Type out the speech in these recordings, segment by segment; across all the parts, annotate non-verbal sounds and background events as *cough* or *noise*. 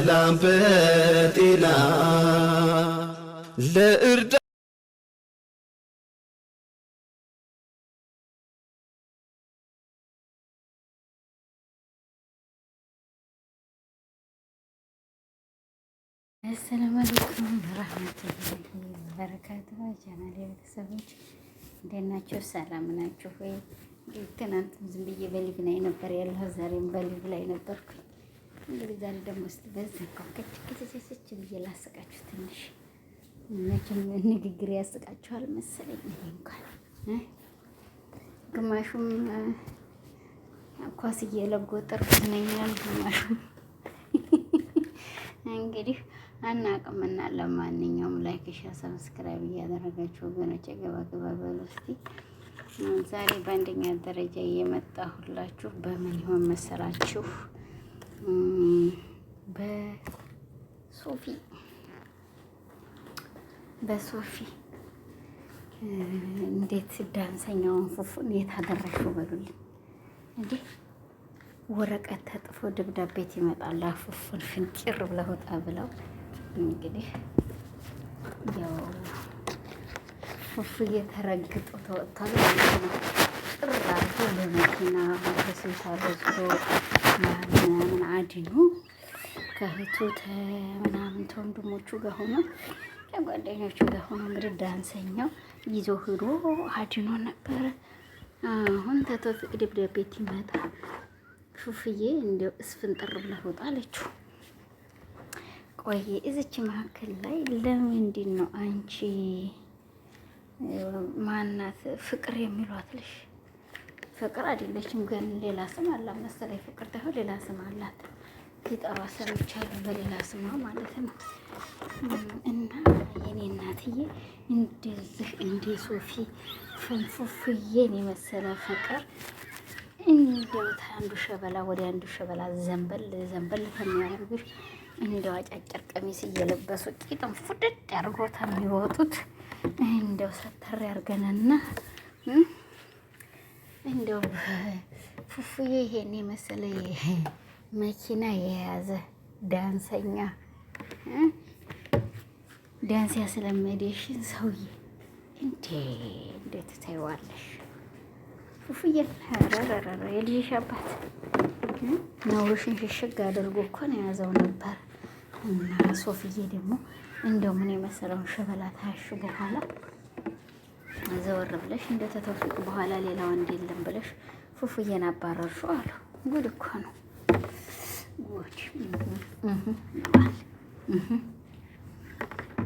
በሰላም በጤና ለእርዳ አሰላሙ አለይኩም ረህመቱላሂ በረካቱ ቻናል ቤተሰቦች እንዴት ናችሁ? ሰላም ናችሁ ወይ? ትናንት ዝም ብዬ በሊቭ ላይ ነበር ያለሁ፣ ዛሬም በሊቭ ላይ ነበርኩኝ። እንግዲህ ዛሬ ደግሞ እስኪ በዚህ ኮከች ከተሰሰች ብዬ ላስቃችሁ። ትንሽ መቼም ንግግር ያስቃችኋል መሰለኝ። እኔ እንኳን ግማሹም ኳስ እየለጎጠርኩ ነኛል፣ ግማሹም *laughs* እንግዲህ አናቅምና። ለማንኛውም ላይክ፣ ሼር፣ ሰብስክራይብ እያደረጋችሁ ወገኖች ገባ ገባ በሉ እስኪ። ዛሬ በአንደኛ ደረጃ የመጣሁላችሁ በምን ይሆን መሰላችሁ? በሶፊ በሶፊ እንዴት ዳንሰኛውን ፉፉን የት አደረሽው በሉልኝ። እንዴ ወረቀት ተጥፎ ደብዳቤት ይመጣል። ፉፉን ፍንጭር ብለው ወጣ ብለው እንግዲህ ያው ፉፉ እየተረግጦ ተወጥቷል ማለት ነው። መኪና በስልት አበዝቶ ምናምን አድኑ ከእህቱ ምናምን ተወንድሞቹ ጋር ሆኖ ከጓደኞቹ ጋር ሆኖ እንግዲህ ዳንሰኛው ይዞ ሂዶ አድኖ ነበረ። አሁን ተቶት ድብደቤት ይመጣ ሹፍዬ እንዲያው እስፍንጥር ብላ ሮጣ አለችው። ቆይ እዚች መካከል ላይ ለምንድን ነው አንቺ ማናት ፍቅር የሚሏት ልሽ ፍቅር አይደለችም ግን ሌላ ስም አላት መሰለኝ። ፍቅር ታይሆን ሌላ ስም አላት። የጠሯ ሰዎች አሉ በሌላ ስማ ማለት ነው። እና የኔ እናትዬ እንደዚህ እንደ ሶፊ ፍንፉፍዬን የመሰለ ፍቅር እንደውት አንዱ ሸበላ ወደ አንዱ ሸበላ ዘንበል ዘንበል ከሚያደርጉሽ እንደው አጫጭር ቀሚስ እየለበሱ ቂጥም ፉድድ አድርጎት የሚወጡት እንደው ሰተር ያርገነና እንደው ፉፉዬ ይሄን የመሰለ መኪና የያዘ ዳንሰኛ ዳንስ ያስለመደሽን ሰውዬ እንዴ እንዴት ታይዋለሽ? ፉፉዬን ረረረ የልጅሽ አባት ነውርሽን ሽሽግ አድርጎ እኮ ነው የያዘው ነበር። እና ሶፍዬ ደግሞ እንደው ምን የመሰለውን ሸበላ ታያሽ በኋላ ዘወር ብለሽ እንደ ተተውፊቅ በኋላ ሌላ ወንድ የለም ብለሽ ፉፉዬን አባረርሽው አሉ። ጉድ እኮ ነው ጉድ።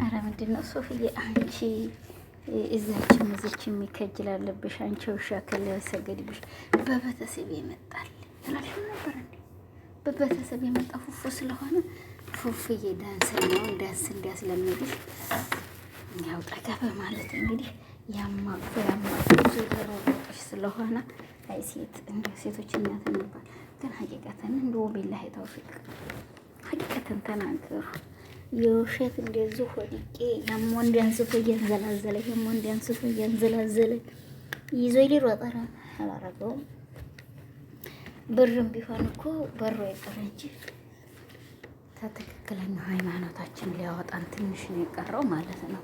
ኧረ ምንድን ነው ሶፍዬ አንቺ እዛችም እዚችም ይከጅል አለብሽ አንቺ ውሻ ከለ ሰገድብሽ በቤተሰብ ይመጣል ትላልሽ ነበር እንዴ? በቤተሰብ የመጣ ፉፉ ስለሆነ ፉፉዬ ዳንስ ነው ዳንስ እንዲያስለምድሽ ያው ጠጋ በማለት እንግዲህ ያማቁ ያማቁ ሴት ሮቦቶች ስለሆነ አይ ሴት እንደ ሴቶች እናት እንባል። ግን ሀቂቀትን እንደው ቢላሂ ተውፊቅ ሀቂቀትን ተናገሩ። የውሸት እንደዚህ ወድቄ ያም ወንድ አንስቶ እያንዘላዘለ ያም ወንድ አንስቶ እያንዘላዘለ ይዞ ሊሮጠራ አላረገውም። ብርም ቢሆን እኮ በሮ ይቀር እንጂ ከትክክለኛው ሃይማኖታችን ሊያወጣን ትንሽ ነው የቀረው ማለት ነው።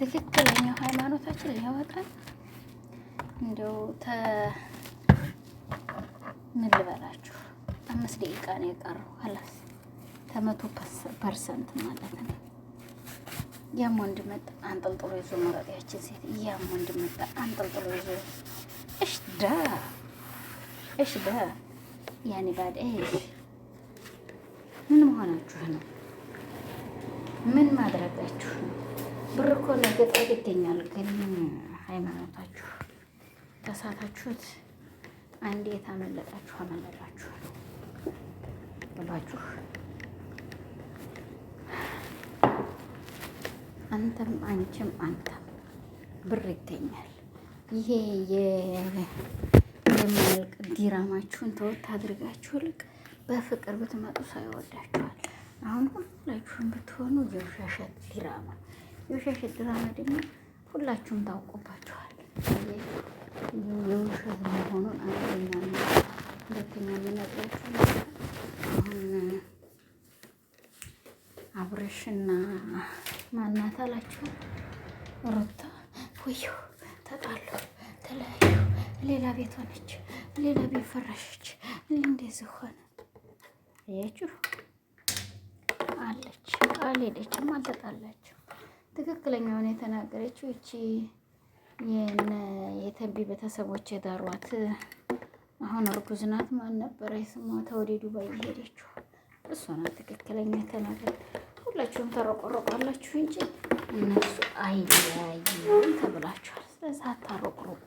ትክክለኛው ሃይማኖታችን ሊያወጣን እንደው ተ ምን ልበላችሁ አምስት ደቂቃ ነው የቀረው። አላስ ተመቶ ፐርሰንት ማለት ነው። ያም ወንድ መጣ አንጠልጥሎ ይዞ መረቂያችን ሴት ያም ወንድ መጣ አንጠልጥሎ ይዞ እሽ ዳ እሽ ዳ ያኔ ባድ ምን መሆናችሁ ነው? ምን ማድረጋችሁ ነው? ብር እኮ ለገጠር ይገኛል። ግን ሃይማኖታችሁ ተሳታችሁት፣ እንዴት አመለጣችሁ አመለጣችሁ ብላችሁ አንተም አንቺም አንተም ብር ይገኛል። ይሄ የማያልቅ ዲራማችሁን ተወት አድርጋችሁ ልቅ በፍቅር ብትመጡ ሰው ይወዳችኋል። አሁን ሁላችሁም ብትሆኑ የውሻሸት ዲራማ የውሸት ድራማ ደግሞ ሁላችሁም ታውቁባችኋል። የውሸት መሆኑን አንደኛ ሁለተኛ የሚነግራችሁ አሁን አብረሽና ማናት አላችሁ ሩታ ወዮ ተጣሉ፣ ተለያዩ፣ ሌላ ቤት ሆነች፣ ሌላ ቤት ፈረሸች፣ እንደዚህ ሆነ። አያችሁ አለች፣ አልሄደችም፣ አልተጣላች ትክክለኛውን የተናገረችው እቺ የተንቢ ቤተሰቦች የዳሯት አሁን እርጉዝ ናት። ማን ነበረ ስሟ? ተወደ ዱባይ የሄደችው እሷ ናት። ትክክለኛ የተናገረ ሁላችሁም ተረቆረቋላችሁ እንጂ እነሱ አይለያይም ተብላችኋል። ስለዚህ አታረቆረቁ፣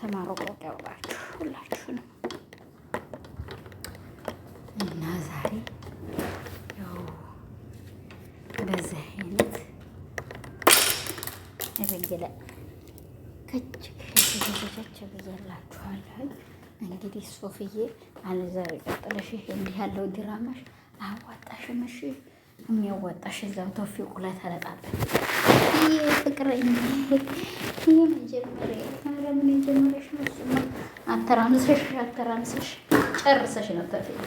ተማረቆቅ ያውቃችሁ። እየተባባለ ከች ከች ብያላችኋለሁ። እንግዲህ ሶፍዬ አለዛ ቀጥለሽ እንዲህ ያለው ድራማሽ አያዋጣሽም። እሺ የሚያዋጣሽ እዛው ተውፊቁ ላይ ተለጣበት። ይህ ፍቅር የመጀመሪያ ምን የጀመሪያሽ ነው? አተራምሰሽ አተራምሰሽ ጨርሰሽ ነው ተውፊቅ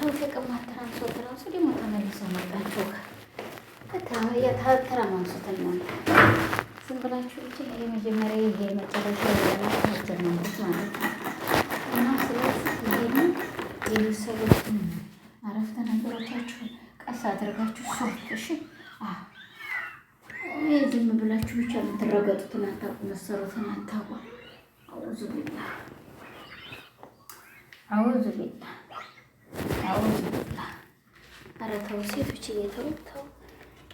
ተውፊቅም አተራምሶት ራሱ ደግሞ ተመልሶ መጣችሁ በቃ የተረም አንሱትን ነው ዝም ብላችሁ እ የመጀመሪያ ይሄ መጨረሻ የጀመሩት ማለት ነው። እና ስለዚህ ይሄንን የመሰሉትን አረፍተ ነገሮቻችሁን ቀስ አድርጋችሁ ሶፍት እሺ፣ ዝም ብላችሁ ብቻ የምትረገጡትን አታውቁ፣ መሰሩትን አታውቁ። አውዙ ቢላ አውዙ ቢላ አውዙ ቢላ። ኧረ ተው ሴቶች እየተው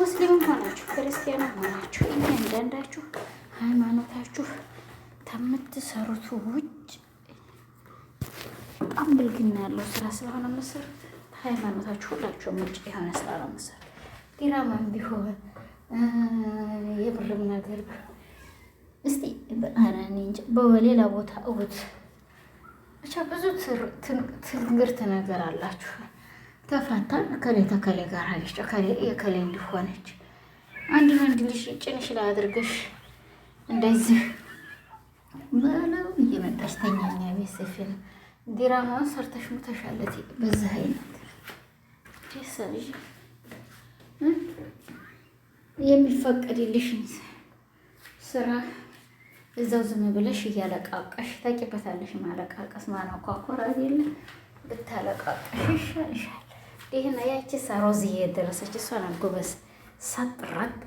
ሙስሊምም ሆናችሁ ክርስቲያን ሆናችሁ እያንዳንዳችሁ ሃይማኖታችሁ ከምትሰሩት ውጭ በጣም ብልግና ያለው ስራ ስለሆነ መሰር ሃይማኖታችሁ ሁላችሁም ውጭ የሆነ ስራ ነው መሰር ዲራማም ቢሆን የብርም ነገር እስቲ በሌላ ቦታ እውት ብቻ ብዙ ትንግርት ነገር አላችሁ። ተፋታን እከሌ ተከሌ ጋር አለች እከሌ የከሌ እንዲሆነች አንድ አንድ ልጅ ጭንሽ ላይ አድርገሽ እንደዚህ በለው እየመጣሽ ተኛኛ ቤት ሰፊን ዲራማ ሰርተሽ ሙተሻለት። በዚህ አይነት ደስ አለሽ የሚፈቀድልሽን ስራ እዛው ዝም ብለሽ እያለቃቀሽ ታቂበታለሽ። ማለቃቀስ ማነው ኳኮራ የለ ብታለቃቀሽ ይሻልሻል። ይህና ያቺ ሳሮዝዬ የደረሰች እሷ ናት ጎበዝ ሳጥ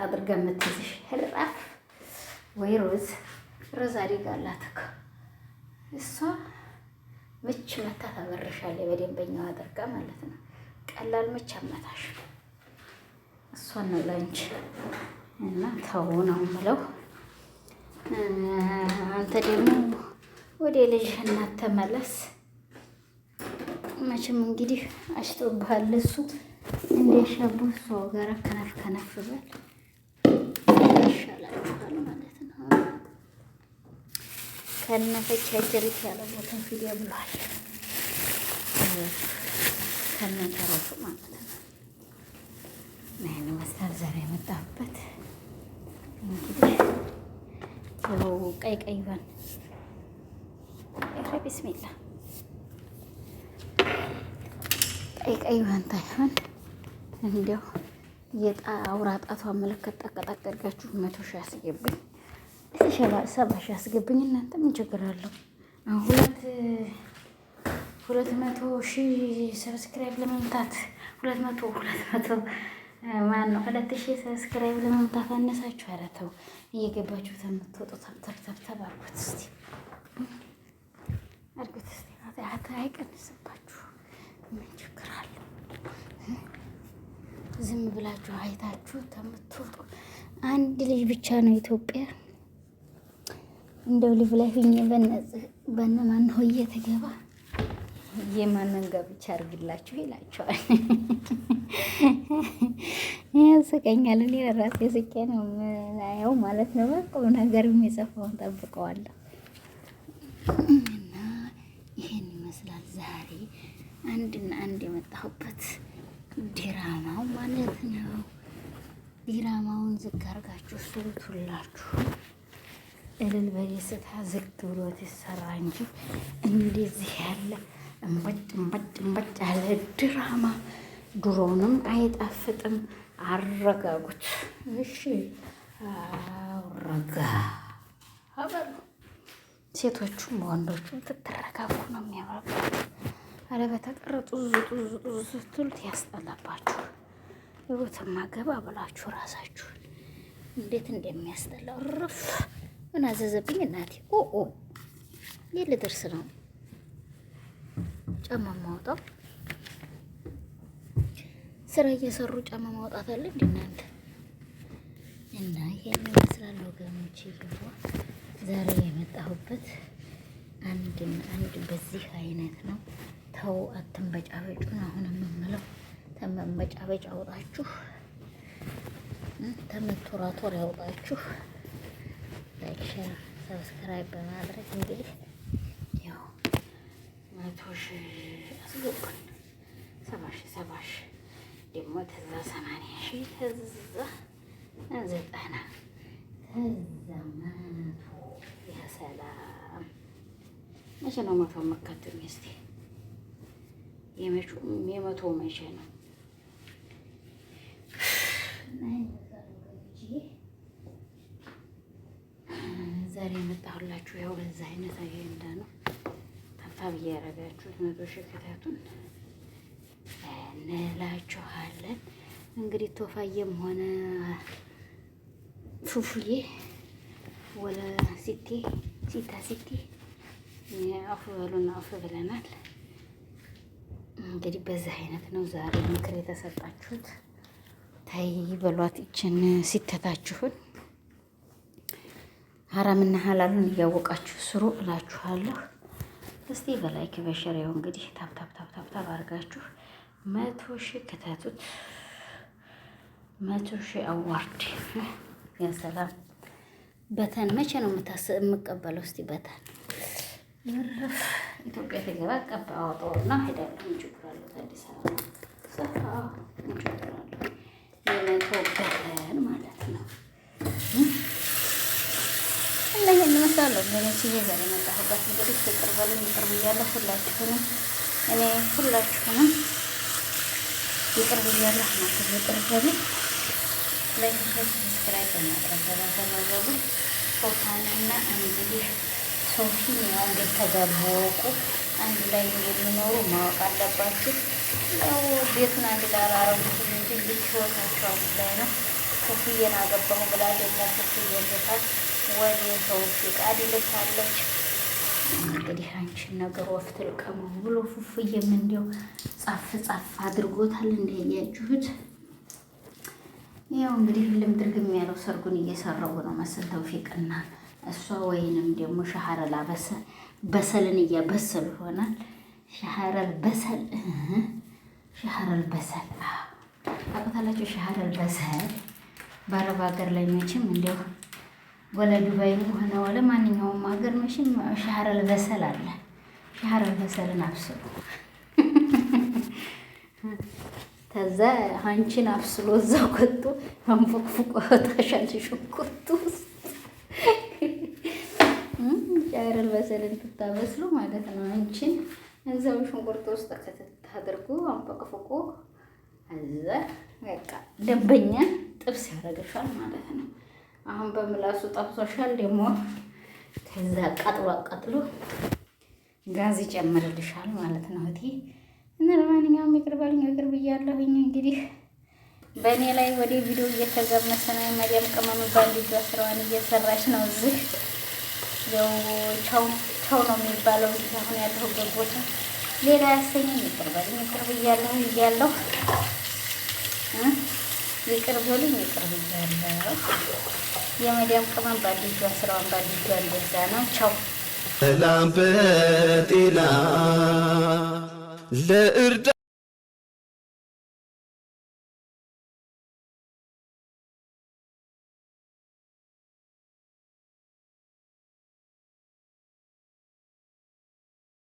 አድርጋ የምትይዝሽ ህራፍ ወይ ሮዝ ሮዝ አዲግ አላትክ እሷ ምች መታ ታበርሻለ በደንበኛው አድርጋ ማለት ነው። ቀላል ምች አመታሽ እሷን ነው ላንቺ እና ተው ነው ምለው። አንተ ደግሞ ወደ ልጅ እናተመለስ መቼም እንግዲህ አሽቶብሃል እሱ እንደሻቡ ሰው ጋር ከነፍ ከነፍ በል ይሻላችኋል ማለት ነው። ከነፈች አጀሪት ያለ ቦታ ፊዲ ብሏል። ከነተረፉ ማለት ነው። ይህን ይመስላል ዛሬ የመጣሁበት እንግዲህ ያው ቀይ ቀይዋን ረ ቢስሚላ ቀይ ቀይ ባንታ ይሆን እንዲያው የአውራ ጣቷ መለከት ጠቀጣቅ አድርጋችሁ መቶ ሺህ አስገብኝ ሰባ ሺህ አስገብኝ። እናንተ ምን ችግር አለው? ሁለት ሁለት መቶ ሺህ ሰብስክራይብ ለመምታት ሁለት መቶ ሁለት መቶ ማን ነው ሁለት ሺህ ሰብስክራይብ ለመምታት አነሳችሁ? ኧረ ተው እየገባችሁ ተምትወጡ ተብተብተብ አርጉት እስቲ አርጉት እስቲ አይቀንስባችሁ ምን ችግር አለው? ዝም ብላችሁ አይታችሁ ከምትወጡ አንድ ልጅ ብቻ ነው ኢትዮጵያ እንደው ልብ ላይ ሁኜ በነ ማን ሆዬ ተገባ የማንን አድርግላችሁ ይላቸዋል። ያስቀኛል። እኔ ስቄ ነው ምናየው ማለት ነው። በቁም ነገር የሚጽፈውን ጠብቀዋለሁ እና ይህን ይመስላል ዛሬ አንድና አንድ የመጣሁበት ዲራማው ማለት ነው። ዲራማውን ዝግ አርጋችሁ ስሉትላችሁ እልል በየስታ ዝግ ብሎት ይሰራ እንጂ እንደዚህ ያለ እምበጭ እምበጭ እምበጭ ያለ ድራማ ድሮንም አይጣፍጥም። አረጋጉት እሺ። አውረጋ አበሉ ሴቶቹም ወንዶቹም ትትረጋጉ ነው የሚያባባ አረ በተቀረ ጡዙ ጡዙ ጡዙ ስትሉት ያስጠላባችሁ ህይወትማ ገባ ብላችሁ ራሳችሁን እንዴት እንደሚያስጠላው ርፍ ምን አዘዘብኝ እናቴ ኦ ኦ ይህ ልደርስ ነው ጫማ ማውጣው ስራ እየሰሩ ጫማ ማውጣት አለ እንደ እናንተ እና ይሄን ይመስላል ወገኖች። ግባ ዛሬ የመጣሁበት አንድ አንድ በዚህ አይነት ነው። ተው ነው አሁን የምንለው ተመንበጫበጭ አውጣችሁ ተመቶራቶር ያውጣችሁ። ላይክ ሼር ሰብስክራይብ በማድረግ እንግዲህ ያው መቶ ሺህ አስገቡን። ሰባ ሺህ ሰባ ሺህ ደግሞ ተዛ ሰማንያ ሺህ ተዛ ዘጠና ተዛ መቶ ያሰላም መቼ ነው መቶ መከቱኝ እስቲ የመቶ መቼ ነው? ዛሬ የመጣሁላችሁ ያው በዛ አይነት አጀንዳ ነው። ተፋብ እያረጋችሁት መቶ ሺህ እንላችኋለን። እንግዲህ ቶፋዬም ሆነ ፉፉዬ ወለ ሲቴ ሲታ ሲቴ አፍ በሉና አፍ ብለናል። እንግዲህ በዚህ አይነት ነው ዛሬ ምክር የተሰጣችሁት። ታይ በሏት ይችን ሲተታችሁን ሀራምና ሀላሉን እያወቃችሁ ስሩ እላችኋለሁ። እስቲ በላይክ በሸር ያው እንግዲህ ታብታብታብታብታብ አድርጋችሁ መቶ ሺህ ክተቱት። መቶ ሺህ አዋርድ ያሰላም በተን መቼ ነው የምቀበለው? እስቲ በተን ኢትዮጵያ ስገባ ቀባ አወጣውና ሄዳለሁ እንጭቁራለሁ። አዲስ አበባ ሰፋ እንጭቁራለሁ። የመቶ ማለት ነው። እና ይህን ይመስላለሁ ገነች ዛሬ መጣሁበት እንግዲህ ፍቅር በሉኝ ይቅር ብያለሁ። ሁላችሁንም እኔ ሁላችሁንም ይቅር ብያለሁ። እናንተ ይቅር በሉ። ላይክ ሰብስክራይብ በማድረግ ሶፋንና እንግዲህ ሶፊንያው እንደተጋወቁ አንድ ላይ እንደሚኖሩ ማወቅ አለባችሁ። ያው ቤቱን አንድ ላይ አላረጉትም እንጂ ልጅ ህይወታቸው አንድ ላይ ነው። ሶፊዬን አገባሁ ብላ ደግሞ ሶፊዬን ልታል ወደ ሰው ፍቃድ ልካለች። እንግዲህ አንቺን ነገር ወፍት ልቀሙ ብሎ ፉፉዬም እንዲያው ጻፍ ጻፍ አድርጎታል። እንደያችሁት ያው እንግዲህ ልም ያለው ሰርጉን እየሰራው ነው መሰል ተውፊቅና እሷ ወይንም ደግሞ ሻሐረል በሰልን እያበሰሉ ይሆናል። ሻሃረል በሰል ሻሃረል በሰል አቆታላቸው። ሻሃረል በሰል በአረብ ሀገር ላይ መቼም እንዲያው ወለ ዱባይ ሆነ ወለ ማንኛውም ሀገር መቼም ሻሃረል በሰል አለ። ሻሃረል በሰልን አብስሉ። ከዛ አንቺን አብስሎ እዛው ቆጡ አንፎቅፎቆ ታሻል ሽንኩርቱ የአይረን በሰልን ብታበስሉ ማለት ነው። አንቺን እዛው ሽንኩርት ውስጥ ከተት አድርጎ አንፈቅፍቆ እዛ በቃ ደንበኛ ጥብስ ያደርግሻል ማለት ነው። አሁን በምላሱ ጠብሶሻል። ደግሞ ከዛ ቀጥሎ ቀጥሎ ጋዝ ይጨምርልሻል ማለት ነው። እቲ እና ለማንኛውም ይቅር በልኝ ይቅር ብያለሁኝ። እንግዲህ በእኔ ላይ ወደ ቪዲዮ እየተገመሰ ነው። መዲያም ቅመም ባንድ እጇ ስራዋን እየሰራች ነው እዚህ ያው ቻው ቻው ነው የሚባለው። እዚህ አሁን ያለሁበት ቦታ ሌላ ያሰኘኝ ይቅር በልኝ ይቅር ብያለሁ እያለሁ ይቅር በልኝ ይቅር ብያለሁ። የመዲያም ቅመም ባዲጇ ስራዋን ባዲጇ እንደዛ ነው። ቻው ሰላም በጤና ለእርዳ